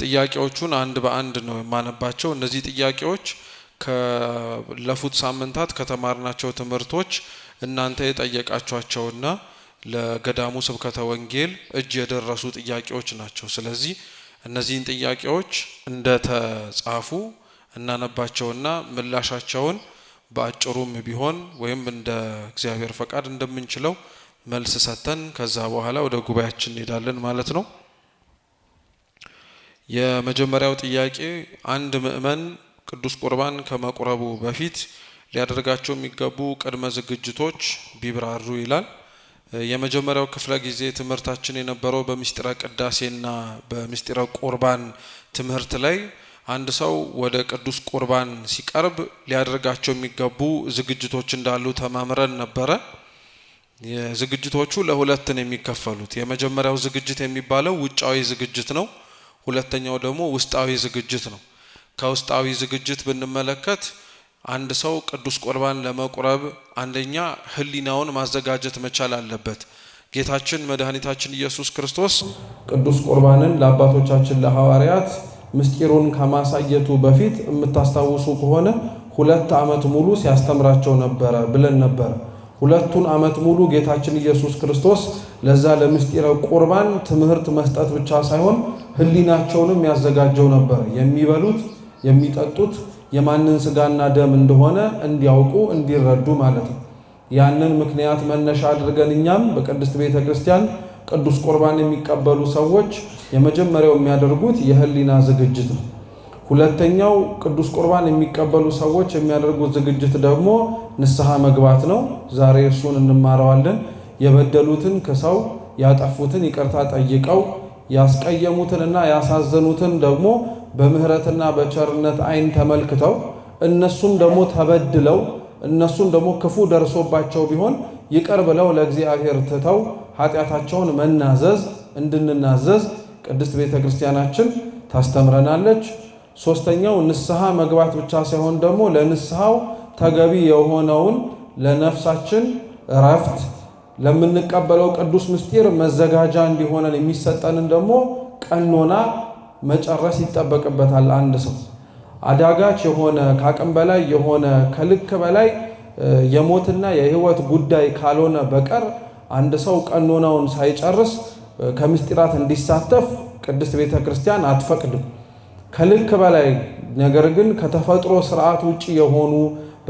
ጥያቄዎቹን አንድ በአንድ ነው የማነባቸው። እነዚህ ጥያቄዎች ከለፉት ሳምንታት ከተማርናቸው ትምህርቶች እናንተ የጠየቃችኋቸውና ለገዳሙ ስብከተ ወንጌል እጅ የደረሱ ጥያቄዎች ናቸው። ስለዚህ እነዚህን ጥያቄዎች እንደተጻፉ እናነባቸውና ምላሻቸውን በአጭሩም ቢሆን ወይም እንደ እግዚአብሔር ፈቃድ እንደምንችለው መልስ ሰጥተን ከዛ በኋላ ወደ ጉባኤያችን እንሄዳለን ማለት ነው። የመጀመሪያው ጥያቄ አንድ ምእመን ቅዱስ ቁርባን ከመቁረቡ በፊት ሊያደርጋቸው የሚገቡ ቅድመ ዝግጅቶች ቢብራሩ ይላል። የመጀመሪያው ክፍለ ጊዜ ትምህርታችን የነበረው በምስጢረ ቅዳሴና በምስጢረ ቁርባን ትምህርት ላይ አንድ ሰው ወደ ቅዱስ ቁርባን ሲቀርብ ሊያደርጋቸው የሚገቡ ዝግጅቶች እንዳሉ ተማምረን ነበረ። ዝግጅቶቹ ለሁለት ነው የሚከፈሉት። የመጀመሪያው ዝግጅት የሚባለው ውጫዊ ዝግጅት ነው። ሁለተኛው ደግሞ ውስጣዊ ዝግጅት ነው። ከውስጣዊ ዝግጅት ብንመለከት አንድ ሰው ቅዱስ ቁርባን ለመቁረብ አንደኛ ህሊናውን ማዘጋጀት መቻል አለበት። ጌታችን መድኃኒታችን ኢየሱስ ክርስቶስ ቅዱስ ቁርባንን ለአባቶቻችን ለሐዋርያት ምስጢሩን ከማሳየቱ በፊት የምታስታውሱ ከሆነ ሁለት ዓመት ሙሉ ሲያስተምራቸው ነበረ ብለን ነበር ሁለቱን ዓመት ሙሉ ጌታችን ኢየሱስ ክርስቶስ ለዛ ለምስጢረ ቁርባን ትምህርት መስጠት ብቻ ሳይሆን ህሊናቸውንም ያዘጋጀው ነበር። የሚበሉት የሚጠጡት የማንን ስጋና ደም እንደሆነ እንዲያውቁ እንዲረዱ ማለት ነው። ያንን ምክንያት መነሻ አድርገን እኛም በቅድስት ቤተ ክርስቲያን ቅዱስ ቁርባን የሚቀበሉ ሰዎች የመጀመሪያው የሚያደርጉት የህሊና ዝግጅት ነው። ሁለተኛው ቅዱስ ቁርባን የሚቀበሉ ሰዎች የሚያደርጉት ዝግጅት ደግሞ ንስሐ መግባት ነው። ዛሬ እሱን እንማረዋለን። የበደሉትን ከሰው ያጠፉትን ይቅርታ ጠይቀው ያስቀየሙትንና ያሳዘኑትን ደግሞ በምህረትና በቸርነት አይን ተመልክተው እነሱም ደግሞ ተበድለው እነሱም ደግሞ ክፉ ደርሶባቸው ቢሆን ይቅር ብለው ለእግዚአብሔር ትተው ኃጢአታቸውን መናዘዝ እንድንናዘዝ ቅድስት ቤተ ክርስቲያናችን ታስተምረናለች። ሶስተኛው ንስሐ መግባት ብቻ ሳይሆን ደግሞ ለንስሐው ተገቢ የሆነውን ለነፍሳችን እረፍት ለምንቀበለው ቅዱስ ምስጢር መዘጋጃ እንዲሆነን የሚሰጠንን ደግሞ ቀኖና መጨረስ ይጠበቅበታል። አንድ ሰው አዳጋች የሆነ ከአቅም በላይ የሆነ ከልክ በላይ የሞትና የሕይወት ጉዳይ ካልሆነ በቀር አንድ ሰው ቀኖናውን ሳይጨርስ ከምስጢራት እንዲሳተፍ ቅድስት ቤተ ክርስቲያን አትፈቅድም። ከልክ በላይ ነገር ግን ከተፈጥሮ ስርዓት ውጭ የሆኑ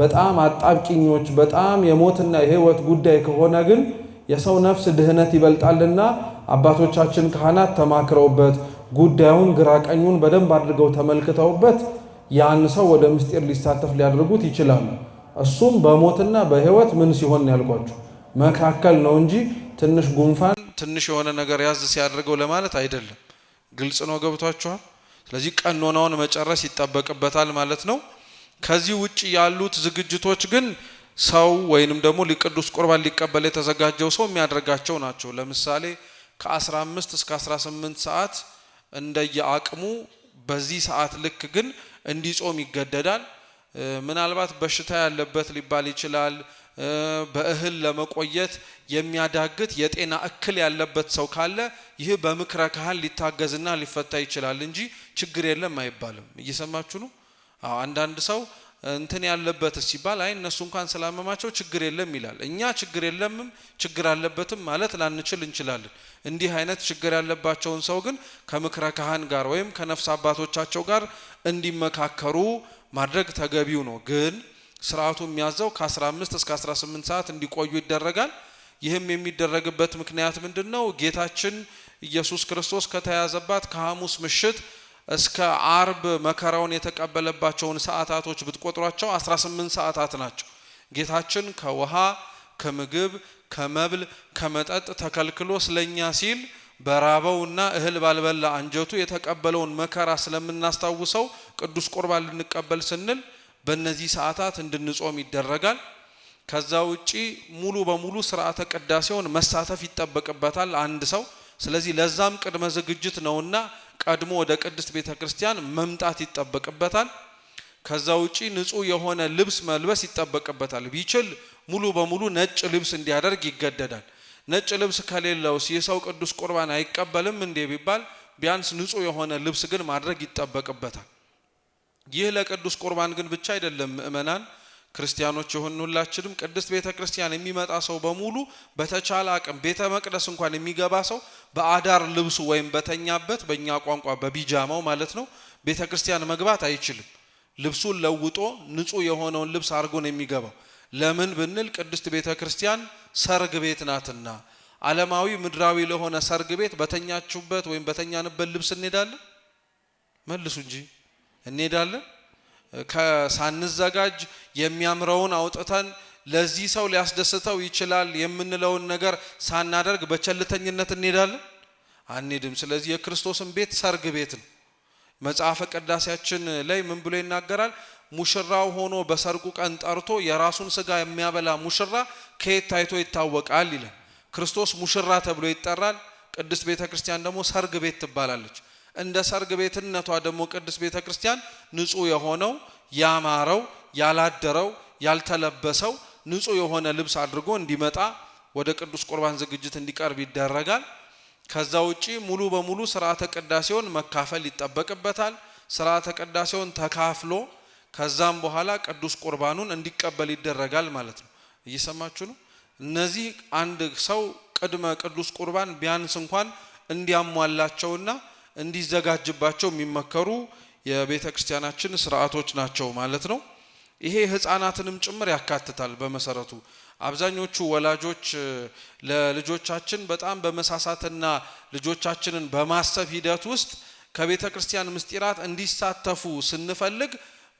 በጣም አጣብቂኞች፣ በጣም የሞትና የህይወት ጉዳይ ከሆነ ግን የሰው ነፍስ ድህነት ይበልጣልና አባቶቻችን ካህናት ተማክረውበት ጉዳዩን ግራቀኙን በደንብ አድርገው ተመልክተውበት ያን ሰው ወደ ምስጢር ሊሳተፍ ሊያደርጉት ይችላሉ። እሱም በሞትና በህይወት ምን ሲሆን ያልኳችሁ መካከል ነው እንጂ ትንሽ ጉንፋን ትንሽ የሆነ ነገር ያዝ ሲያደርገው ለማለት አይደለም። ግልጽ ነው፣ ገብቷችኋል። ስለዚህ ቀኖናውን መጨረስ ይጠበቅበታል ማለት ነው። ከዚህ ውጭ ያሉት ዝግጅቶች ግን ሰው ወይንም ደግሞ ቅዱስ ቁርባን ሊቀበል የተዘጋጀው ሰው የሚያደርጋቸው ናቸው። ለምሳሌ ከ15 እስከ 18 ሰዓት እንደየአቅሙ በዚህ ሰዓት ልክ ግን እንዲጾም ይገደዳል። ምናልባት በሽታ ያለበት ሊባል ይችላል። በእህል ለመቆየት የሚያዳግት የጤና እክል ያለበት ሰው ካለ ይህ በምክረ ካህን ሊታገዝና ሊፈታ ይችላል እንጂ ችግር የለም አይባልም። እየሰማችሁ ነው። አዎ አንዳንድ ሰው እንትን ያለበት ሲባል አይ እነሱ እንኳን ስላመማቸው ችግር የለም ይላል። እኛ ችግር የለምም ችግር አለበትም ማለት ላንችል እንችላለን። እንዲህ አይነት ችግር ያለባቸውን ሰው ግን ከምክረ ካህን ጋር ወይም ከነፍስ አባቶቻቸው ጋር እንዲመካከሩ ማድረግ ተገቢው ነው። ግን ስርዓቱ የሚያዘው ከ15 እስከ 18 ሰዓት እንዲቆዩ ይደረጋል። ይህም የሚደረግበት ምክንያት ምንድን ነው? ጌታችን ኢየሱስ ክርስቶስ ከተያዘባት ከሐሙስ ምሽት እስከ አርብ መከራውን የተቀበለባቸውን ሰዓታቶች ብትቆጥሯቸው 18 ሰዓታት ናቸው። ጌታችን ከውሃ ከምግብ ከመብል ከመጠጥ ተከልክሎ ስለኛ ሲል በራበውና እህል ባልበላ አንጀቱ የተቀበለውን መከራ ስለምናስታውሰው ቅዱስ ቁርባን ልንቀበል ስንል በእነዚህ ሰዓታት እንድንጾም ይደረጋል። ከዛ ውጪ ሙሉ በሙሉ ስርዓተ ቅዳሴውን መሳተፍ ይጠበቅበታል አንድ ሰው። ስለዚህ ለዛም ቅድመ ዝግጅት ነውና ቀድሞ ወደ ቅድስት ቤተ ክርስቲያን መምጣት ይጠበቅበታል። ከዛ ውጪ ንጹህ የሆነ ልብስ መልበስ ይጠበቅበታል። ቢችል ሙሉ በሙሉ ነጭ ልብስ እንዲያደርግ ይገደዳል። ነጭ ልብስ ከሌለው የሰው ቅዱስ ቁርባን አይቀበልም እንዴ ቢባል ቢያንስ ንጹህ የሆነ ልብስ ግን ማድረግ ይጠበቅበታል። ይህ ለቅዱስ ቁርባን ግን ብቻ አይደለም ምእመናን ክርስቲያኖች የሆን ሁላችንም ቅድስት ቤተ ክርስቲያን የሚመጣ ሰው በሙሉ በተቻለ አቅም ቤተ መቅደስ እንኳን የሚገባ ሰው በአዳር ልብሱ ወይም በተኛበት በእኛ ቋንቋ በቢጃማው ማለት ነው ቤተ ክርስቲያን መግባት አይችልም። ልብሱን ለውጦ ንጹህ የሆነውን ልብስ አድርጎ ነው የሚገባው። ለምን ብንል ቅድስት ቤተ ክርስቲያን ሰርግ ቤት ናትና፣ ዓለማዊ ምድራዊ ለሆነ ሰርግ ቤት በተኛችሁበት ወይም በተኛንበት ልብስ እንሄዳለን? መልሱ እንጂ እንሄዳለን ሳንዘጋጅ የሚያምረውን አውጥተን ለዚህ ሰው ሊያስደስተው ይችላል የምንለውን ነገር ሳናደርግ በቸልተኝነት እንሄዳለን አንሄድም። ስለዚህ የክርስቶስን ቤት ሰርግ ቤት ነው። መጽሐፈ ቅዳሴያችን ላይ ምን ብሎ ይናገራል? ሙሽራው ሆኖ በሰርጉ ቀን ጠርቶ የራሱን ስጋ የሚያበላ ሙሽራ ከየት ታይቶ ይታወቃል? ይላል። ክርስቶስ ሙሽራ ተብሎ ይጠራል። ቅድስት ቤተ ክርስቲያን ደግሞ ሰርግ ቤት ትባላለች። እንደ ሰርግ ቤትነቷ ደግሞ ቅድስት ቤተ ክርስቲያን ንጹህ የሆነው ያማረው ያላደረው ያልተለበሰው ንጹህ የሆነ ልብስ አድርጎ እንዲመጣ ወደ ቅዱስ ቁርባን ዝግጅት እንዲቀርብ ይደረጋል። ከዛ ውጪ ሙሉ በሙሉ ስርዓተ ቅዳሴውን መካፈል ይጠበቅበታል። ስርዓተ ቅዳሴውን ተካፍሎ ከዛም በኋላ ቅዱስ ቁርባኑን እንዲቀበል ይደረጋል ማለት ነው። እየሰማችሁ ነው። እነዚህ አንድ ሰው ቅድመ ቅዱስ ቁርባን ቢያንስ እንኳን እንዲያሟላቸውና እንዲዘጋጅባቸው የሚመከሩ የቤተ ክርስቲያናችን ስርዓቶች ናቸው ማለት ነው። ይሄ ህፃናትንም ጭምር ያካትታል። በመሰረቱ አብዛኞቹ ወላጆች ለልጆቻችን በጣም በመሳሳትና ልጆቻችንን በማሰብ ሂደት ውስጥ ከቤተ ክርስቲያን ምስጢራት እንዲሳተፉ ስንፈልግ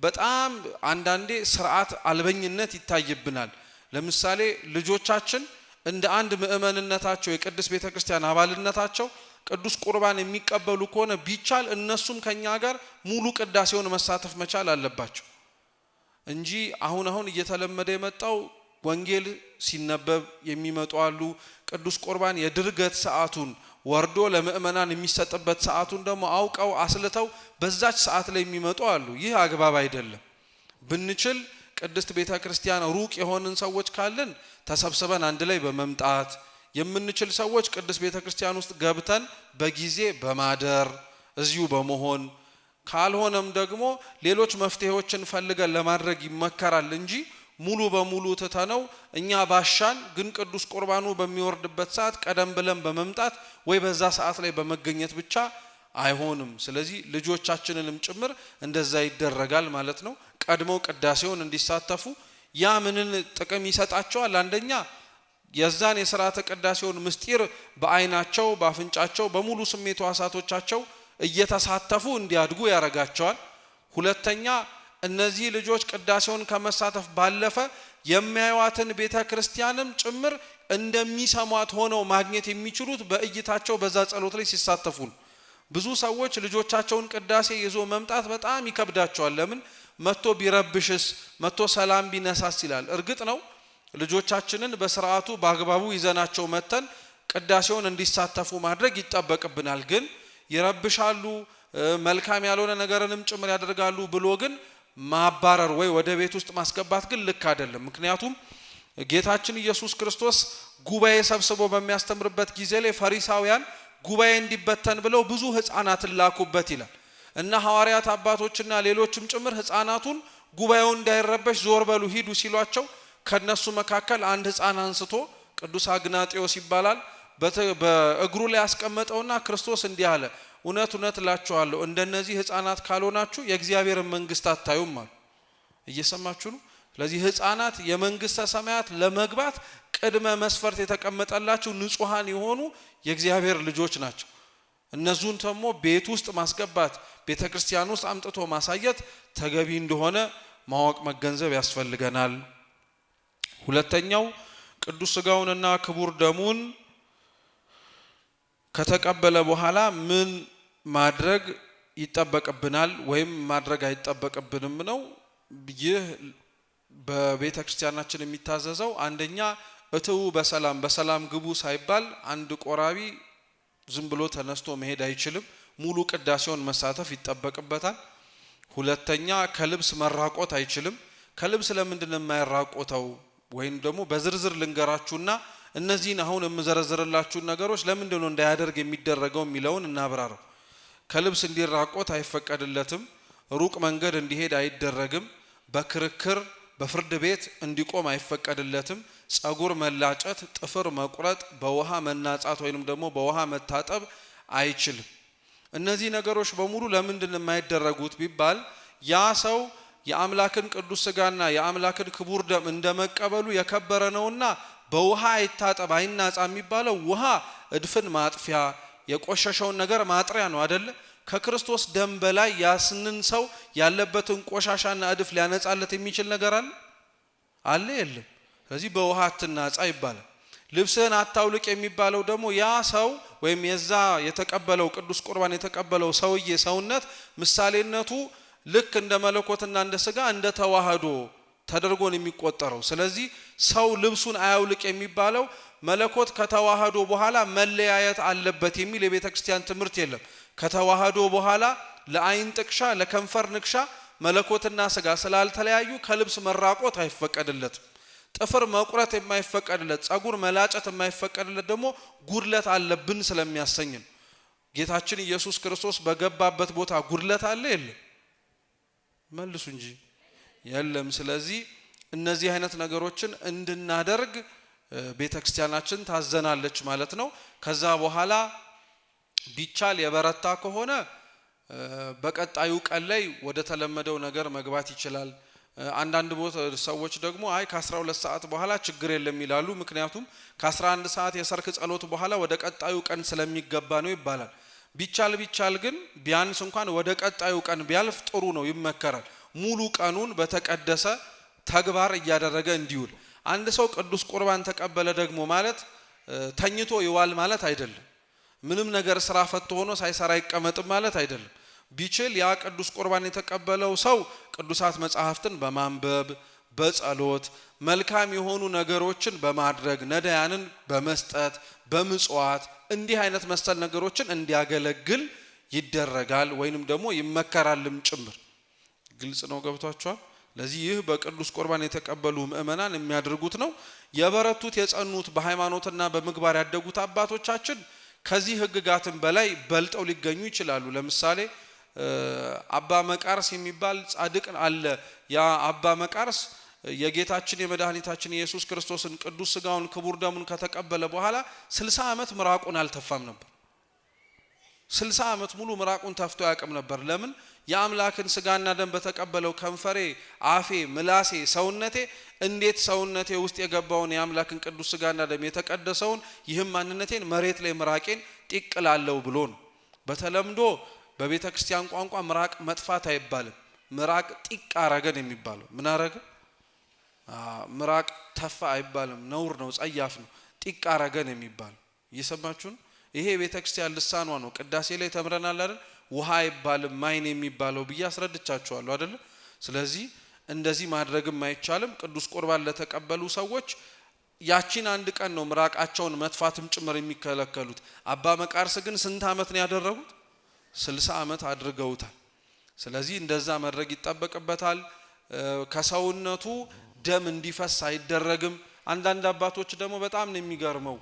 በጣም አንዳንዴ ስርዓት አልበኝነት ይታይብናል። ለምሳሌ ልጆቻችን እንደ አንድ ምእመንነታቸው የቅድስት ቤተ ክርስቲያን አባልነታቸው ቅዱስ ቁርባን የሚቀበሉ ከሆነ ቢቻል እነሱም ከኛ ጋር ሙሉ ቅዳሴውን መሳተፍ መቻል አለባቸው እንጂ አሁን አሁን እየተለመደ የመጣው ወንጌል ሲነበብ የሚመጡ አሉ። ቅዱስ ቁርባን የድርገት ሰዓቱን ወርዶ ለምእመናን የሚሰጥበት ሰዓቱን ደግሞ አውቀው አስልተው በዛች ሰዓት ላይ የሚመጡ አሉ። ይህ አግባብ አይደለም። ብንችል ቅድስት ቤተ ክርስቲያን ሩቅ የሆንን ሰዎች ካለን ተሰብስበን አንድ ላይ በመምጣት የምንችል ሰዎች ቅዱስ ቤተ ክርስቲያን ውስጥ ገብተን በጊዜ በማደር እዚሁ በመሆን ካልሆነም ደግሞ ሌሎች መፍትሄዎችን ፈልገን ለማድረግ ይመከራል እንጂ ሙሉ በሙሉ ትተነው እኛ ባሻን ግን ቅዱስ ቁርባኑ በሚወርድበት ሰዓት ቀደም ብለን በመምጣት ወይ በዛ ሰዓት ላይ በመገኘት ብቻ አይሆንም። ስለዚህ ልጆቻችንንም ጭምር እንደዛ ይደረጋል ማለት ነው። ቀድመው ቅዳሴውን እንዲሳተፉ ያ ምንን ጥቅም ይሰጣቸዋል? አንደኛ የዛን የስርዓተ ቅዳሴውን ምስጢር በአይናቸው በአፍንጫቸው በሙሉ ስሜት ሕዋሳቶቻቸው እየተሳተፉ እንዲያድጉ ያደርጋቸዋል። ሁለተኛ እነዚህ ልጆች ቅዳሴውን ከመሳተፍ ባለፈ የሚያዩዋትን ቤተ ክርስቲያንም ጭምር እንደሚሰሟት ሆነው ማግኘት የሚችሉት በእይታቸው በዛ ጸሎት ላይ ሲሳተፉ ነው። ብዙ ሰዎች ልጆቻቸውን ቅዳሴ ይዞ መምጣት በጣም ይከብዳቸዋል። ለምን መጥቶ ቢረብሽስ መጥቶ ሰላም ቢነሳስ ይላል። እርግጥ ነው ልጆቻችንን በስርዓቱ በአግባቡ ይዘናቸው መተን ቅዳሴውን እንዲሳተፉ ማድረግ ይጠበቅብናል። ግን ይረብሻሉ፣ መልካም ያልሆነ ነገርንም ጭምር ያደርጋሉ ብሎ ግን ማባረር ወይ ወደ ቤት ውስጥ ማስገባት ግን ልክ አይደለም። ምክንያቱም ጌታችን ኢየሱስ ክርስቶስ ጉባኤ ሰብስቦ በሚያስተምርበት ጊዜ ላይ ፈሪሳውያን ጉባኤ እንዲበተን ብለው ብዙ ሕፃናትን ላኩበት ይላል እና ሐዋርያት አባቶችና ሌሎችም ጭምር ሕፃናቱን ጉባኤውን እንዳይረበሽ ዞር በሉ ሂዱ ሲሏቸው ከነሱ መካከል አንድ ህፃን አንስቶ ቅዱስ አግናጤዎስ ይባላል በእግሩ ላይ ያስቀመጠውና ክርስቶስ እንዲህ አለ፣ እውነት እውነት እላችኋለሁ እንደነዚህ ህፃናት ካልሆናችሁ የእግዚአብሔርን መንግስት አታዩም አሉ። እየሰማችሁ ነው። ስለዚህ ህፃናት የመንግስተ ሰማያት ለመግባት ቅድመ መስፈርት የተቀመጠላቸው ንጹሐን የሆኑ የእግዚአብሔር ልጆች ናቸው። እነዙን ደግሞ ቤት ውስጥ ማስገባት፣ ቤተ ክርስቲያን ውስጥ አምጥቶ ማሳየት ተገቢ እንደሆነ ማወቅ መገንዘብ ያስፈልገናል። ሁለተኛው ቅዱስ ስጋውንና ክቡር ደሙን ከተቀበለ በኋላ ምን ማድረግ ይጠበቅብናል ወይም ማድረግ አይጠበቅብንም ነው። ይህ በቤተ ክርስቲያናችን የሚታዘዘው አንደኛ እትው በሰላም በሰላም ግቡ ሳይባል አንድ ቆራቢ ዝም ብሎ ተነስቶ መሄድ አይችልም። ሙሉ ቅዳሴውን መሳተፍ ይጠበቅበታል። ሁለተኛ ከልብስ መራቆት አይችልም። ከልብስ ለምንድን የማይራቆተው? ወይም ደግሞ በዝርዝር ልንገራችሁና እነዚህን አሁን የምዘረዝርላችሁን ነገሮች ለምንድን ነው እንዳያደርግ የሚደረገው የሚለውን እናብራረው። ከልብስ እንዲራቆት አይፈቀድለትም። ሩቅ መንገድ እንዲሄድ አይደረግም። በክርክር በፍርድ ቤት እንዲቆም አይፈቀድለትም። ጸጉር መላጨት፣ ጥፍር መቁረጥ፣ በውሃ መናጻት ወይንም ደግሞ በውሃ መታጠብ አይችልም። እነዚህ ነገሮች በሙሉ ለምንድን የማይደረጉት ቢባል ያ ሰው የአምላክን ቅዱስ ስጋና የአምላክን ክቡር ደም እንደመቀበሉ የከበረ ነውና በውሃ አይታጠብ አይናጻ የሚባለው ውሃ እድፍን ማጥፊያ የቆሸሸውን ነገር ማጥሪያ ነው አደለ? ከክርስቶስ ደም በላይ ያስንን ሰው ያለበትን ቆሻሻና እድፍ ሊያነጻለት የሚችል ነገር አለ አለ? የለም። ስለዚህ በውሃ አትናጻ ይባላል። ልብስህን አታውልቅ የሚባለው ደግሞ ያ ሰው ወይም የዛ የተቀበለው ቅዱስ ቁርባን የተቀበለው ሰውዬ ሰውነት ምሳሌነቱ ልክ እንደ መለኮትና እንደ ስጋ እንደ ተዋህዶ ተደርጎ ነው የሚቆጠረው። ስለዚህ ሰው ልብሱን አያውልቅ የሚባለው መለኮት ከተዋህዶ በኋላ መለያየት አለበት የሚል የቤተ ክርስቲያን ትምህርት የለም። ከተዋህዶ በኋላ ለአይን ጥቅሻ፣ ለከንፈር ንክሻ መለኮትና ስጋ ስላልተለያዩ ከልብስ መራቆት አይፈቀድለትም። ጥፍር መቁረጥ የማይፈቀድለት፣ ጸጉር መላጨት የማይፈቀድለት ደግሞ ጉድለት አለብን ስለሚያሰኝን ጌታችን ኢየሱስ ክርስቶስ በገባበት ቦታ ጉድለት አለ የለም መልሱ እንጂ የለም። ስለዚህ እነዚህ አይነት ነገሮችን እንድናደርግ ቤተ ክርስቲያናችን ታዘናለች ማለት ነው። ከዛ በኋላ ቢቻል የበረታ ከሆነ በቀጣዩ ቀን ላይ ወደ ተለመደው ነገር መግባት ይችላል። አንዳንድ ቦታ ሰዎች ደግሞ አይ ከ12 ሰዓት በኋላ ችግር የለም ይላሉ። ምክንያቱም ከ11 ሰዓት የሰርክ ጸሎት በኋላ ወደ ቀጣዩ ቀን ስለሚገባ ነው ይባላል። ቢቻል ቢቻል ግን ቢያንስ እንኳን ወደ ቀጣዩ ቀን ቢያልፍ ጥሩ ነው፣ ይመከራል። ሙሉ ቀኑን በተቀደሰ ተግባር እያደረገ እንዲውል። አንድ ሰው ቅዱስ ቁርባን ተቀበለ ደግሞ ማለት ተኝቶ ይዋል ማለት አይደለም። ምንም ነገር ስራ ፈቶ ሆኖ ሳይሰራ አይቀመጥም ማለት አይደለም። ቢችል ያ ቅዱስ ቁርባን የተቀበለው ሰው ቅዱሳት መጽሐፍትን በማንበብ በጸሎት መልካም የሆኑ ነገሮችን በማድረግ ነዳያንን በመስጠት በምጽዋት እንዲህ አይነት መሰል ነገሮችን እንዲያገለግል ይደረጋል ወይንም ደግሞ ይመከራልም ጭምር። ግልጽ ነው፣ ገብቷቸዋል። ለዚህ ይህ በቅዱስ ቁርባን የተቀበሉ ምእመናን የሚያደርጉት ነው። የበረቱት የጸኑት፣ በሃይማኖትና በምግባር ያደጉት አባቶቻችን ከዚህ ሕግጋትም በላይ በልጠው ሊገኙ ይችላሉ። ለምሳሌ አባ መቃርስ የሚባል ጻድቅ አለ። ያ አባ መቃርስ የጌታችን የመድኃኒታችን ኢየሱስ ክርስቶስን ቅዱስ ስጋውን ክቡር ደሙን ከተቀበለ በኋላ ስልሳ ዓመት ምራቁን አልተፋም ነበር። ስልሳ ዓመት ሙሉ ምራቁን ተፍቶ ያቅም ነበር። ለምን? የአምላክን ስጋና ደም በተቀበለው ከንፈሬ፣ አፌ፣ ምላሴ፣ ሰውነቴ እንዴት ሰውነቴ ውስጥ የገባውን የአምላክን ቅዱስ ስጋና ደም የተቀደሰውን ይህም ማንነቴን መሬት ላይ ምራቄን ጢቅላለው ብሎ ነው። በተለምዶ በቤተ ክርስቲያን ቋንቋ ምራቅ መጥፋት አይባልም። ምራቅ ጢቅ አረገን የሚባለው ምን አረገ? ምራቅ ተፋ አይባልም፣ ነውር ነው፣ ጸያፍ ነው። ጢቅ አረገን የሚባል እየሰማችሁን። ይሄ ቤተ ክርስቲያን ልሳኗ ነው። ቅዳሴ ላይ ተምረናል አይደል? ውሃ አይባልም ማይን የሚባለው ብዬ አስረድቻችኋለሁ አይደል? ስለዚህ እንደዚህ ማድረግም አይቻልም። ቅዱስ ቁርባን ለተቀበሉ ሰዎች ያቺን አንድ ቀን ነው ምራቃቸውን መትፋትም ጭምር የሚከለከሉት። አባ መቃርስ ግን ስንት ዓመት ነው ያደረጉት? ስልሳ ዓመት አድርገውታል። ስለዚህ እንደዛ መድረግ ይጠበቅበታል። ከሰውነቱ ደም እንዲፈስ አይደረግም። አንዳንድ አባቶች ደግሞ በጣም ነው የሚገርመው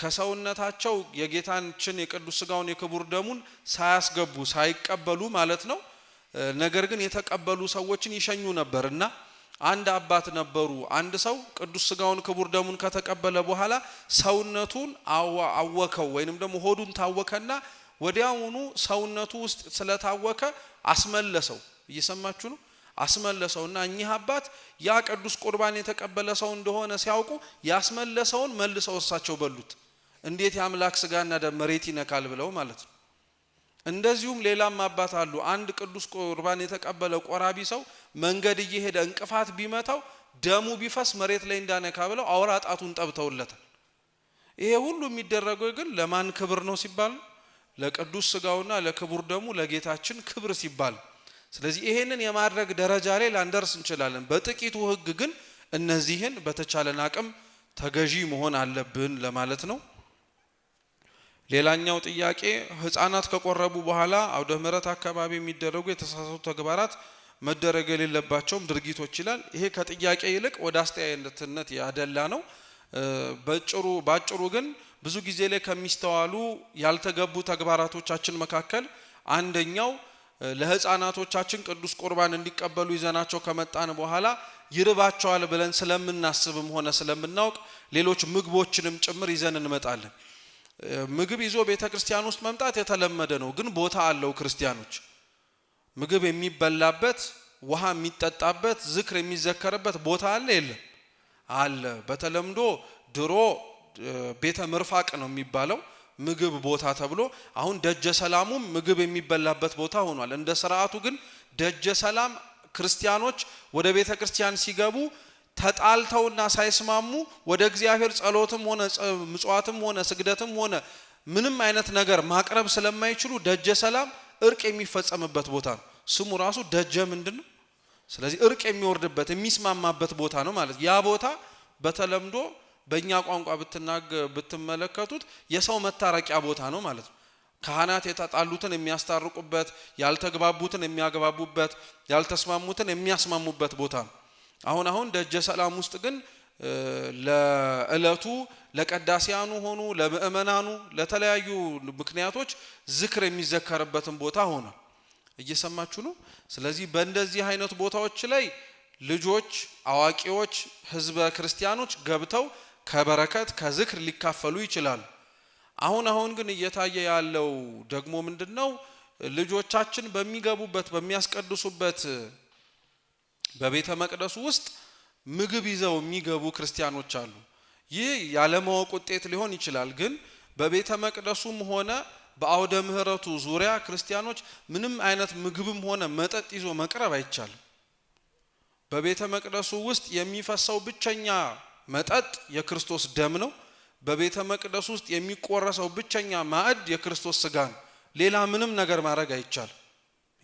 ከሰውነታቸው የጌታችን የቅዱስ ስጋውን የክቡር ደሙን ሳያስገቡ ሳይቀበሉ ማለት ነው። ነገር ግን የተቀበሉ ሰዎችን ይሸኙ ነበር እና አንድ አባት ነበሩ። አንድ ሰው ቅዱስ ስጋውን ክቡር ደሙን ከተቀበለ በኋላ ሰውነቱን አወከው ወይንም ደግሞ ሆዱን ታወከና ወዲያውኑ ሰውነቱ ውስጥ ስለታወከ አስመለሰው። እየሰማችሁ ነው። አስመለሰውና እኚህ አባት ያ ቅዱስ ቁርባን የተቀበለ ሰው እንደሆነ ሲያውቁ ያስመለሰውን መልሰው እሳቸው በሉት። እንዴት የአምላክ ስጋና ደም መሬት ይነካል ብለው ማለት ነው። እንደዚሁም ሌላም አባት አሉ። አንድ ቅዱስ ቁርባን የተቀበለ ቆራቢ ሰው መንገድ እየሄደ እንቅፋት ቢመታው ደሙ ቢፈስ መሬት ላይ እንዳነካ ብለው አውራ ጣቱን ጠብተውለታል። ይሄ ሁሉ የሚደረገው ግን ለማን ክብር ነው ሲባል ለቅዱስ ስጋውና ለክቡር ደሙ ለጌታችን ክብር ሲባል ስለዚህ ይሄንን የማድረግ ደረጃ ላይ ላንደርስ እንችላለን። በጥቂቱ ህግ ግን እነዚህን በተቻለን አቅም ተገዢ መሆን አለብን ለማለት ነው። ሌላኛው ጥያቄ ህፃናት ከቆረቡ በኋላ አውደ ምህረት አካባቢ የሚደረጉ የተሳሳቱ ተግባራት መደረግ የሌለባቸውም ድርጊቶች ይላል። ይሄ ከጥያቄ ይልቅ ወደ አስተያየትነት ያደላ ነው። በጭሩ ባጭሩ ግን ብዙ ጊዜ ላይ ከሚስተዋሉ ያልተገቡ ተግባራቶቻችን መካከል አንደኛው ለህፃናቶቻችን ቅዱስ ቁርባን እንዲቀበሉ ይዘናቸው ከመጣን በኋላ ይርባቸዋል ብለን ስለምናስብም ሆነ ስለምናውቅ ሌሎች ምግቦችንም ጭምር ይዘን እንመጣለን። ምግብ ይዞ ቤተ ክርስቲያን ውስጥ መምጣት የተለመደ ነው፣ ግን ቦታ አለው። ክርስቲያኖች ምግብ የሚበላበት ውሃ የሚጠጣበት ዝክር የሚዘከርበት ቦታ አለ የለም? አለ። በተለምዶ ድሮ ቤተ ምርፋቅ ነው የሚባለው ምግብ ቦታ ተብሎ አሁን ደጀ ሰላሙም ምግብ የሚበላበት ቦታ ሆኗል። እንደ ስርዓቱ ግን ደጀ ሰላም ክርስቲያኖች ወደ ቤተ ክርስቲያን ሲገቡ ተጣልተውና ሳይስማሙ ወደ እግዚአብሔር ጸሎትም ሆነ ምጽዋትም ሆነ ስግደትም ሆነ ምንም አይነት ነገር ማቅረብ ስለማይችሉ ደጀ ሰላም እርቅ የሚፈጸምበት ቦታ ነው። ስሙ ራሱ ደጀ ምንድን ነው? ስለዚህ እርቅ የሚወርድበት የሚስማማበት ቦታ ነው ማለት ያ ቦታ በተለምዶ በእኛ ቋንቋ ብትናገ ብትመለከቱት የሰው መታረቂያ ቦታ ነው ማለት ነው። ካህናት የተጣሉትን የሚያስታርቁበት፣ ያልተግባቡትን የሚያግባቡበት፣ ያልተስማሙትን የሚያስማሙበት ቦታ ነው። አሁን አሁን ደጀ ሰላም ውስጥ ግን ለእለቱ ለቀዳሲያኑ ሆኑ ለምእመናኑ ለተለያዩ ምክንያቶች ዝክር የሚዘከርበትን ቦታ ሆነ። እየሰማችሁ ነው። ስለዚህ በእንደዚህ አይነት ቦታዎች ላይ ልጆች፣ አዋቂዎች፣ ህዝበ ክርስቲያኖች ገብተው ከበረከት ከዝክር ሊካፈሉ ይችላሉ። አሁን አሁን ግን እየታየ ያለው ደግሞ ምንድን ነው? ልጆቻችን በሚገቡበት በሚያስቀድሱበት በቤተ መቅደሱ ውስጥ ምግብ ይዘው የሚገቡ ክርስቲያኖች አሉ። ይህ ያለማወቅ ውጤት ሊሆን ይችላል። ግን በቤተ መቅደሱም ሆነ በአውደ ምሕረቱ ዙሪያ ክርስቲያኖች ምንም አይነት ምግብም ሆነ መጠጥ ይዞ መቅረብ አይቻልም። በቤተ መቅደሱ ውስጥ የሚፈሰው ብቸኛ መጠጥ የክርስቶስ ደም ነው። በቤተ መቅደስ ውስጥ የሚቆረሰው ብቸኛ ማዕድ የክርስቶስ ስጋ ነው። ሌላ ምንም ነገር ማድረግ አይቻልም።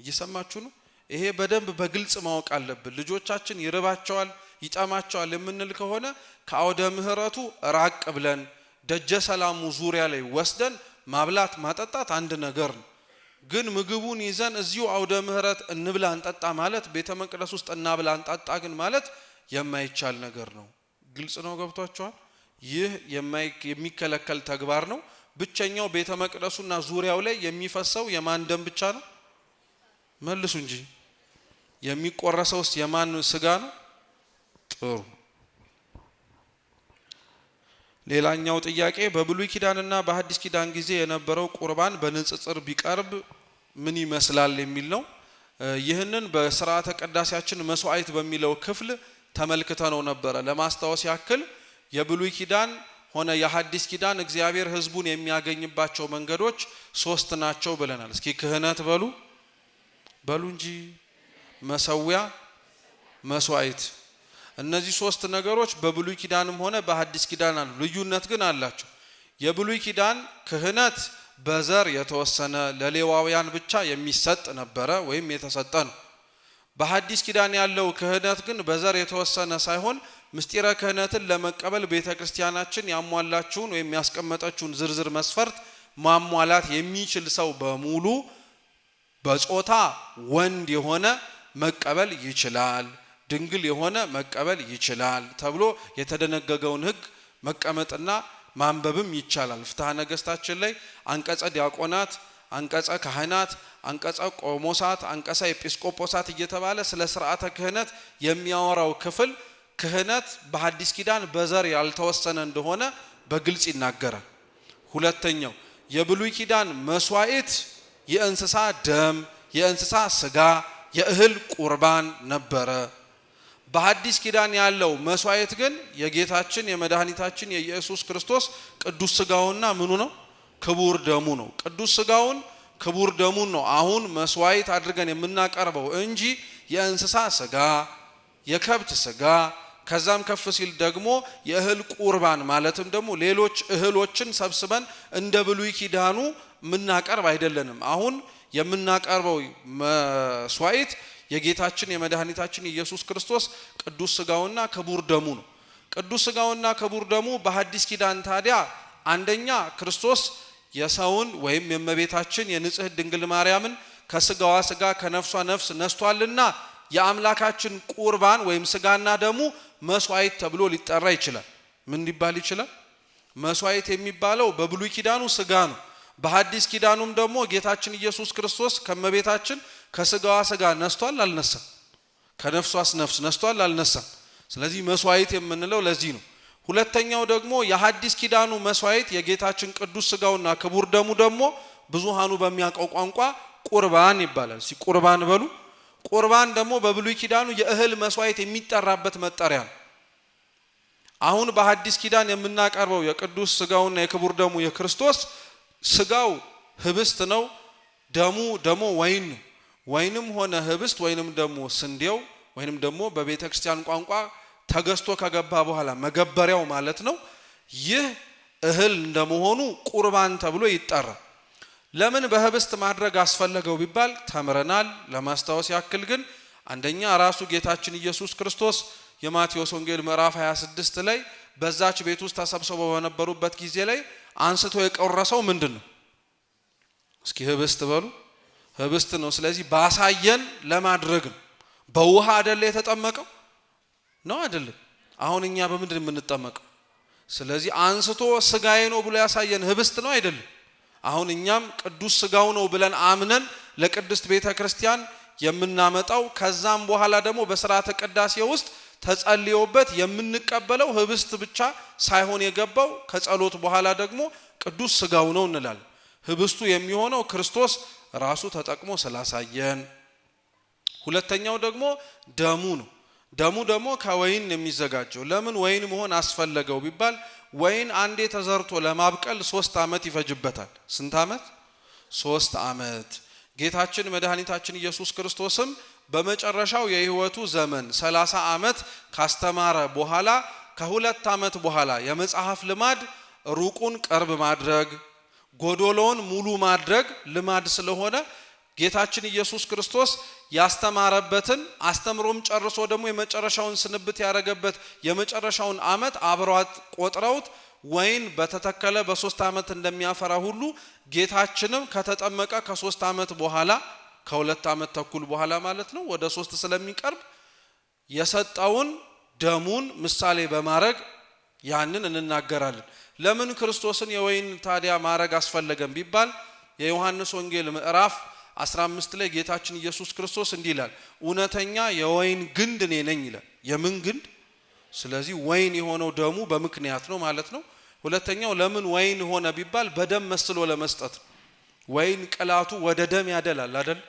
እየሰማችሁ ነው። ይሄ በደንብ በግልጽ ማወቅ አለብን። ልጆቻችን ይርባቸዋል፣ ይጠማቸዋል የምንል ከሆነ ከአውደ ምሕረቱ ራቅ ብለን ደጀ ሰላሙ ዙሪያ ላይ ወስደን ማብላት ማጠጣት አንድ ነገር ነው። ግን ምግቡን ይዘን እዚሁ አውደ ምሕረት እንብላ እንጠጣ ማለት ቤተ መቅደስ ውስጥ እናብላ እንጠጣ ግን ማለት የማይቻል ነገር ነው። ግልጽ ነው። ገብቷቸዋል። ይህ የሚከለከል ተግባር ነው። ብቸኛው ቤተ መቅደሱና ዙሪያው ላይ የሚፈሰው የማን ደም ብቻ ነው? መልሱ እንጂ የሚቆረሰውስ የማን ስጋ ነው? ጥሩ። ሌላኛው ጥያቄ በብሉይ ኪዳንና በሐዲስ ኪዳን ጊዜ የነበረው ቁርባን በንጽጽር ቢቀርብ ምን ይመስላል የሚል ነው። ይህንን በስርዓተ ቅዳሴያችን መስዋዕት በሚለው ክፍል ተመልክተ ነው ነበረ። ለማስታወስ ያክል የብሉይ ኪዳን ሆነ የሐዲስ ኪዳን እግዚአብሔር ህዝቡን የሚያገኝባቸው መንገዶች ሶስት ናቸው ብለናል። እስኪ ክህነት በሉ በሉ እንጂ መሰዊያ፣ መስዋዕት። እነዚህ ሶስት ነገሮች በብሉይ ኪዳንም ሆነ በሐዲስ ኪዳን አሉ። ልዩነት ግን አላቸው። የብሉይ ኪዳን ክህነት በዘር የተወሰነ ለሌዋውያን ብቻ የሚሰጥ ነበረ ወይም የተሰጠ ነው። በሐዲስ ኪዳን ያለው ክህነት ግን በዘር የተወሰነ ሳይሆን ምስጢረ ክህነትን ለመቀበል ቤተ ክርስቲያናችን ያሟላችውን ወይም ያስቀመጠችውን ዝርዝር መስፈርት ማሟላት የሚችል ሰው በሙሉ በጾታ ወንድ የሆነ መቀበል ይችላል፣ ድንግል የሆነ መቀበል ይችላል ተብሎ የተደነገገውን ሕግ መቀመጥና ማንበብም ይቻላል። ፍትሐ ነገሥታችን ላይ አንቀጸ ዲያቆናት አንቀጸ ካህናት፣ አንቀጸ ቆሞሳት፣ አንቀጸ ኤጲስቆጶሳት እየተባለ ስለ ስርዓተ ክህነት የሚያወራው ክፍል ክህነት በሐዲስ ኪዳን በዘር ያልተወሰነ እንደሆነ በግልጽ ይናገራል። ሁለተኛው የብሉይ ኪዳን መስዋዕት የእንስሳ ደም፣ የእንስሳ ስጋ፣ የእህል ቁርባን ነበረ። በሐዲስ ኪዳን ያለው መስዋዕት ግን የጌታችን የመድኃኒታችን የኢየሱስ ክርስቶስ ቅዱስ ስጋውና ምኑ ነው ክቡር ደሙ ነው። ቅዱስ ስጋውን ክቡር ደሙን ነው አሁን መስዋዕት አድርገን የምናቀርበው እንጂ የእንስሳ ስጋ፣ የከብት ስጋ ከዛም ከፍ ሲል ደግሞ የእህል ቁርባን ማለትም ደግሞ ሌሎች እህሎችን ሰብስበን እንደ ብሉይ ኪዳኑ የምናቀርብ አይደለንም። አሁን የምናቀርበው መስዋዕት የጌታችን የመድኃኒታችን ኢየሱስ ክርስቶስ ቅዱስ ስጋውና ክቡር ደሙ ነው። ቅዱስ ስጋውና ክቡር ደሙ በሐዲስ ኪዳን ታዲያ አንደኛ ክርስቶስ የሰውን ወይም የእመቤታችን የንጽህ ድንግል ማርያምን ከስጋዋ ስጋ ከነፍሷ ነፍስ ነስቷልና የአምላካችን ቁርባን ወይም ስጋና ደሙ መስዋዕት ተብሎ ሊጠራ ይችላል። ምን ሊባል ይችላል? መስዋዕት የሚባለው በብሉይ ኪዳኑ ስጋ ነው። በሐዲስ ኪዳኑም ደግሞ ጌታችን ኢየሱስ ክርስቶስ ከእመቤታችን ከስጋዋ ስጋ ነስቷል አልነሳም፣ ከነፍሷስ ነፍስ ነስቷል አልነሳም። ስለዚህ መስዋዕት የምንለው ለዚህ ነው። ሁለተኛው ደግሞ የሐዲስ ኪዳኑ መስዋዕት የጌታችን ቅዱስ ስጋውና ክቡር ደሙ ደግሞ ብዙሃኑ በሚያውቀው ቋንቋ ቁርባን ይባላል። እስኪ ቁርባን በሉ። ቁርባን ደግሞ በብሉይ ኪዳኑ የእህል መስዋዕት የሚጠራበት መጠሪያ ነው። አሁን በሐዲስ ኪዳን የምናቀርበው የቅዱስ ስጋውና የክቡር ደሙ የክርስቶስ ስጋው ህብስት ነው። ደሙ ደግሞ ወይን ነው። ወይንም ሆነ ህብስት ወይንም ደግሞ ስንዴው ወይንም ደግሞ በቤተ ክርስቲያን ቋንቋ ተገዝቶ ከገባ በኋላ መገበሪያው ማለት ነው። ይህ እህል እንደመሆኑ ቁርባን ተብሎ ይጠራል። ለምን በህብስት ማድረግ አስፈለገው ቢባል ተምረናል። ለማስታወስ ያክል ግን አንደኛ ራሱ ጌታችን ኢየሱስ ክርስቶስ የማቴዎስ ወንጌል ምዕራፍ 26 ላይ በዛች ቤት ውስጥ ተሰብስበው በነበሩበት ጊዜ ላይ አንስቶ የቆረሰው ምንድን ነው? እስኪ ህብስት በሉ ህብስት ነው። ስለዚህ ባሳየን ለማድረግ ነው። በውሃ አደለ የተጠመቀው ነው አይደለም? አሁን እኛ በምንድን የምንጠመቀው? ስለዚህ አንስቶ ስጋዬ ነው ብሎ ያሳየን ህብስት ነው አይደለም? አሁን እኛም ቅዱስ ስጋው ነው ብለን አምነን ለቅድስት ቤተ ክርስቲያን የምናመጣው ከዛም በኋላ ደግሞ በስርዓተ ቅዳሴ ውስጥ ተጸልዮበት የምንቀበለው ህብስት ብቻ ሳይሆን የገባው ከጸሎት በኋላ ደግሞ ቅዱስ ስጋው ነው እንላለን። ህብስቱ የሚሆነው ክርስቶስ ራሱ ተጠቅሞ ስላሳየን፣ ሁለተኛው ደግሞ ደሙ ነው። ደሙ ደግሞ ከወይን የሚዘጋጀው ለምን ወይን መሆን አስፈለገው ቢባል ወይን አንዴ ተዘርቶ ለማብቀል ሶስት ዓመት ይፈጅበታል። ስንት ዓመት? ሶስት ዓመት። ጌታችን መድኃኒታችን ኢየሱስ ክርስቶስም በመጨረሻው የሕይወቱ ዘመን ሰላሳ ዓመት ካስተማረ በኋላ ከሁለት ዓመት በኋላ የመጽሐፍ ልማድ ሩቁን ቅርብ ማድረግ፣ ጎዶሎውን ሙሉ ማድረግ ልማድ ስለሆነ ጌታችን ኢየሱስ ክርስቶስ ያስተማረበትን አስተምሮም ጨርሶ ደግሞ የመጨረሻውን ስንብት ያደረገበት የመጨረሻውን ዓመት አብሯት ቆጥረውት ወይን በተተከለ በሶስት ዓመት እንደሚያፈራ ሁሉ ጌታችንም ከተጠመቀ ከሶስት ዓመት በኋላ ከሁለት ዓመት ተኩል በኋላ ማለት ነው ወደ ሶስት ስለሚቀርብ የሰጠውን ደሙን ምሳሌ በማድረግ ያንን እንናገራለን። ለምን ክርስቶስን የወይን ታዲያ ማድረግ አስፈለገም ቢባል የዮሐንስ ወንጌል ምዕራፍ 15 ላይ ጌታችን ኢየሱስ ክርስቶስ እንዲህ ይላል፣ እውነተኛ የወይን ግንድ እኔ ነኝ ይላል። የምን ግንድ? ስለዚህ ወይን የሆነው ደሙ በምክንያት ነው ማለት ነው። ሁለተኛው ለምን ወይን ሆነ ቢባል በደም መስሎ ለመስጠት ነው። ወይን ቅላቱ ወደ ደም ያደላል አደል?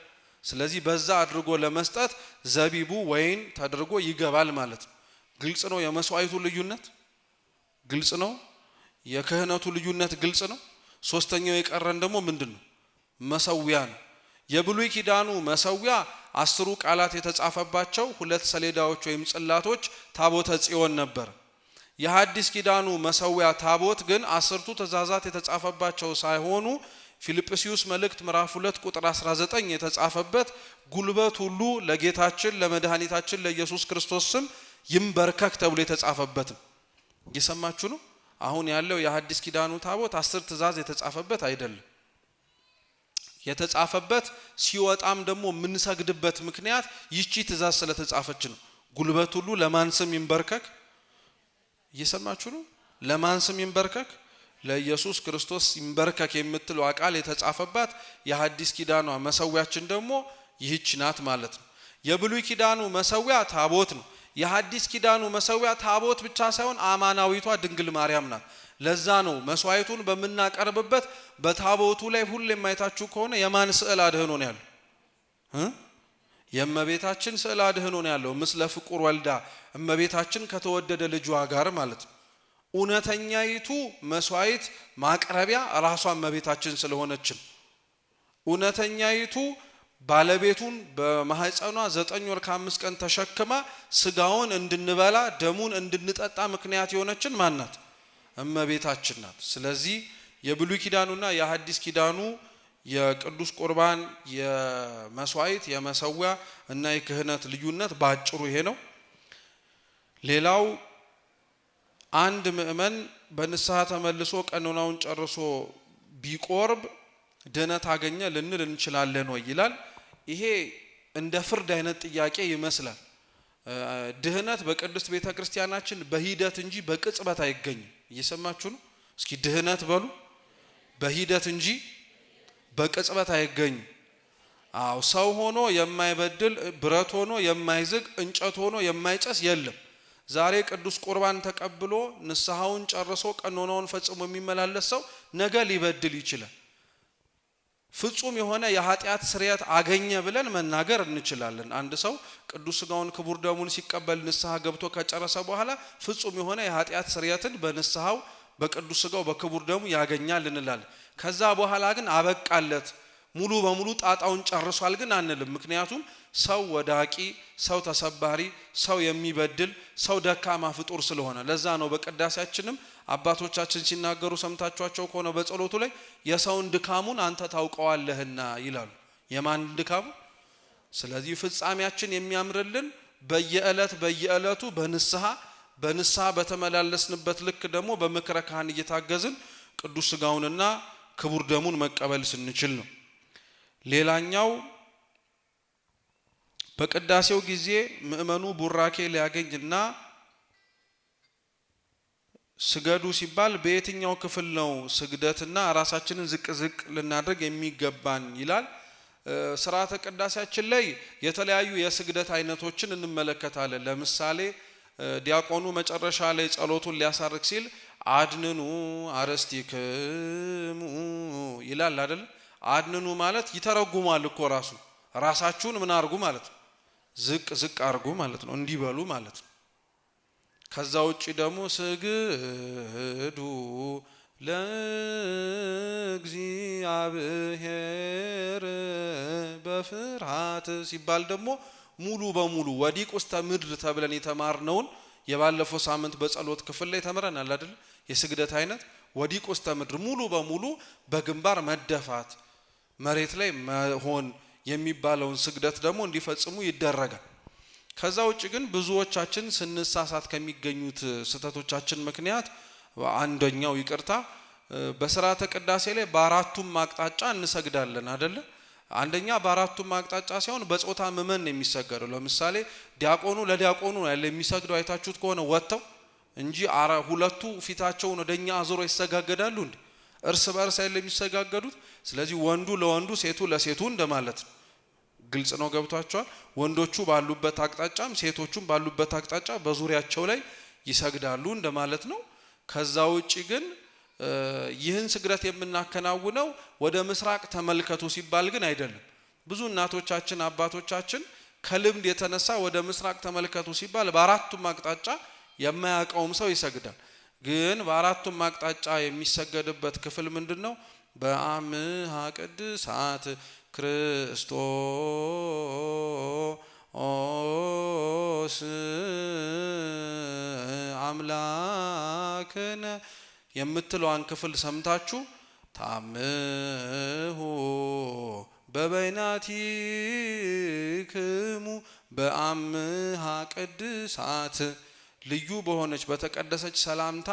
ስለዚህ በዛ አድርጎ ለመስጠት ዘቢቡ ወይን ተደርጎ ይገባል ማለት ነው። ግልጽ ነው። የመስዋዕቱ ልዩነት ግልጽ ነው። የክህነቱ ልዩነት ግልጽ ነው። ሶስተኛው የቀረን ደግሞ ምንድን ነው? መሰዊያ ነው። የብሉይ ኪዳኑ መሰዊያ አስሩ ቃላት የተጻፈባቸው ሁለት ሰሌዳዎች ወይም ጽላቶች ታቦተ ጽዮን ነበር። የሐዲስ ኪዳኑ መሰዊያ ታቦት ግን አስርቱ ትእዛዛት የተጻፈባቸው ሳይሆኑ ፊልጵስዩስ መልእክት ምዕራፍ 2 ቁጥር 19 የተጻፈበት ጉልበት ሁሉ ለጌታችን ለመድኃኒታችን ለኢየሱስ ክርስቶስ ስም ይንበርከክ ተብሎ የተጻፈበት እየሰማችሁ ነው። አሁን ያለው የሐዲስ ኪዳኑ ታቦት አስር ትእዛዝ የተጻፈበት አይደለም። የተጻፈበት ሲወጣም ደግሞ የምንሰግድበት ምክንያት ይቺ ትእዛዝ ስለተጻፈች ነው። ጉልበት ሁሉ ለማን ስም ይንበርከክ? እየሰማችሁ ነው። ለማን ስም ይንበርከክ? ለኢየሱስ ክርስቶስ ይንበርከክ የምትለው ቃል የተጻፈባት የሐዲስ ኪዳኗ መሰዊያችን ደግሞ ይህች ናት ማለት ነው። የብሉይ ኪዳኑ መሰዊያ ታቦት ነው። የሐዲስ ኪዳኑ መሰዊያ ታቦት ብቻ ሳይሆን አማናዊቷ ድንግል ማርያም ናት። ለዛ ነው መስዋዕቱን በምናቀርብበት በታቦቱ ላይ ሁሌ የማይታችሁ ከሆነ የማን ስዕል አድህኖ ነው ያለው? የእመቤታችን ስዕል አድህኖ ነው ያለው። ምስለ ፍቁር ወልዳ እመቤታችን ከተወደደ ልጇ ጋር ማለት ነው። እውነተኛይቱ መስዋዕት ማቅረቢያ ራሷ እመቤታችን ስለሆነችን እውነተኛይቱ ባለቤቱን በማህፀኗ ዘጠኝ ወር ከአምስት ቀን ተሸክማ ስጋውን እንድንበላ ደሙን እንድንጠጣ ምክንያት የሆነችን ማናት? እመቤታችን ናት። ስለዚህ የብሉይ ኪዳኑና የሐዲስ ኪዳኑ የቅዱስ ቁርባን የመስዋዕት የመሰዊያ እና የክህነት ልዩነት በአጭሩ ይሄ ነው። ሌላው አንድ ምእመን በንስሐ ተመልሶ ቀኖናውን ጨርሶ ቢቆርብ ድነት አገኘ ልንል እንችላለን ወይ ይላል። ይሄ እንደ ፍርድ አይነት ጥያቄ ይመስላል። ድህነት በቅድስት ቤተ ክርስቲያናችን በሂደት እንጂ በቅጽበት አይገኝም። እየሰማችሁ ነው። እስኪ ድህነት በሉ በሂደት እንጂ በቅጽበት አይገኝ። አዎ ሰው ሆኖ የማይበድል ብረት ሆኖ የማይዝግ እንጨት ሆኖ የማይጨስ የለም። ዛሬ ቅዱስ ቁርባን ተቀብሎ ንስሐውን ጨርሶ ቀኖናውን ፈጽሞ የሚመላለስ ሰው ነገ ሊበድል ይችላል። ፍጹም የሆነ የኃጢአት ስርየት አገኘ ብለን መናገር እንችላለን። አንድ ሰው ቅዱስ ስጋውን ክቡር ደሙን ሲቀበል ንስሐ ገብቶ ከጨረሰ በኋላ ፍጹም የሆነ የኃጢአት ስርየትን በንስሐው በቅዱስ ስጋው በክቡር ደሙ ያገኛል እንላለን። ከዛ በኋላ ግን አበቃለት ሙሉ በሙሉ ጣጣውን ጨርሷል ግን አንልም። ምክንያቱም ሰው ወዳቂ፣ ሰው ተሰባሪ፣ ሰው የሚበድል፣ ሰው ደካማ ፍጡር ስለሆነ ለዛ ነው። በቅዳሴያችንም አባቶቻችን ሲናገሩ ሰምታችኋቸው ከሆነ በጸሎቱ ላይ የሰውን ድካሙን አንተ ታውቀዋለህና ይላሉ። የማን ድካሙ? ስለዚህ ፍጻሜያችን የሚያምርልን በየዕለት በየዕለቱ በንስሐ በንስሐ በተመላለስንበት ልክ ደግሞ በምክረ ካህን እየታገዝን ቅዱስ ስጋውንና ክቡር ደሙን መቀበል ስንችል ነው። ሌላኛው በቅዳሴው ጊዜ ምእመኑ ቡራኬ ሊያገኝና ስገዱ ሲባል በየትኛው ክፍል ነው ስግደትና ራሳችንን ዝቅ ዝቅ ልናደርግ የሚገባን ይላል። ስርዓተ ቅዳሴያችን ላይ የተለያዩ የስግደት አይነቶችን እንመለከታለን። ለምሳሌ ዲያቆኑ መጨረሻ ላይ ጸሎቱን ሊያሳርግ ሲል አድንኑ አረስቲክሙ ይላል አይደል? አድንኑ ማለት ይተረጉማል እኮ ራሱ ራሳችሁን ምን አርጉ ማለት ነው፣ ዝቅ ዝቅ አርጉ ማለት ነው፣ እንዲበሉ ማለት ነው። ከዛ ውጭ ደግሞ ስግዱ ለእግዚአብሔር በፍርሃት ሲባል ደግሞ ሙሉ በሙሉ ወዲቅ ውስተ ምድር ተብለን የተማርነውን የባለፈው ሳምንት በጸሎት ክፍል ላይ ተምረናል አይደል? የስግደት አይነት ወዲቅ ውስተ ምድር ሙሉ በሙሉ በግንባር መደፋት መሬት ላይ መሆን የሚባለውን ስግደት ደግሞ እንዲፈጽሙ ይደረጋል። ከዛ ውጭ ግን ብዙዎቻችን ስንሳሳት ከሚገኙት ስህተቶቻችን ምክንያት አንደኛው ይቅርታ በስርዓተ ቅዳሴ ላይ በአራቱም አቅጣጫ እንሰግዳለን አደለ? አንደኛ በአራቱም አቅጣጫ ሲሆን በጾታ ምመን የሚሰገደው። ለምሳሌ ዲያቆኑ ለዲያቆኑ ያለ የሚሰግደው አይታችሁት ከሆነ ወጥተው እንጂ ሁለቱ ፊታቸውን ወደኛ አዞሮ ይሰጋገዳሉ እንዴ? እርስ በርስ ያለ የሚሰጋገዱት። ስለዚህ ወንዱ ለወንዱ ሴቱ ለሴቱ እንደማለት ነው። ግልጽ ነው፣ ገብቷቸዋል። ወንዶቹ ባሉበት አቅጣጫም ሴቶቹም ባሉበት አቅጣጫ በዙሪያቸው ላይ ይሰግዳሉ እንደማለት ነው። ከዛ ውጭ ግን ይህን ስግደት የምናከናውነው ወደ ምስራቅ ተመልከቱ ሲባል ግን አይደለም። ብዙ እናቶቻችን አባቶቻችን ከልምድ የተነሳ ወደ ምስራቅ ተመልከቱ ሲባል በአራቱም አቅጣጫ የማያውቀውም ሰው ይሰግዳል። ግን በአራቱም አቅጣጫ የሚሰገድበት ክፍል ምንድን ነው? በአምሀ ቅድሳት ክርስቶስ አምላክነ የምትለዋን ክፍል ሰምታችሁ ታምሁ በበይናቲክሙ በአምሀ ቅድሳት ልዩ በሆነች በተቀደሰች ሰላምታ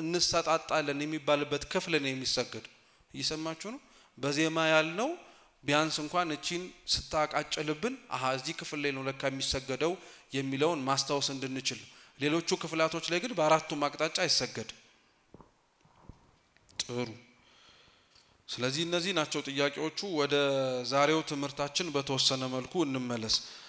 እንሰጣጣለን የሚባልበት ክፍል ነው የሚሰገድ። እየሰማችሁ ነው። በዜማ ያልነው ቢያንስ እንኳን እቺን ስታቃጭልብን አሀ እዚህ ክፍል ላይ ነው ለካ የሚሰገደው የሚለውን ማስታወስ እንድንችል። ሌሎቹ ክፍላቶች ላይ ግን በአራቱም አቅጣጫ አይሰገድ። ጥሩ። ስለዚህ እነዚህ ናቸው ጥያቄዎቹ። ወደ ዛሬው ትምህርታችን በተወሰነ መልኩ እንመለስ።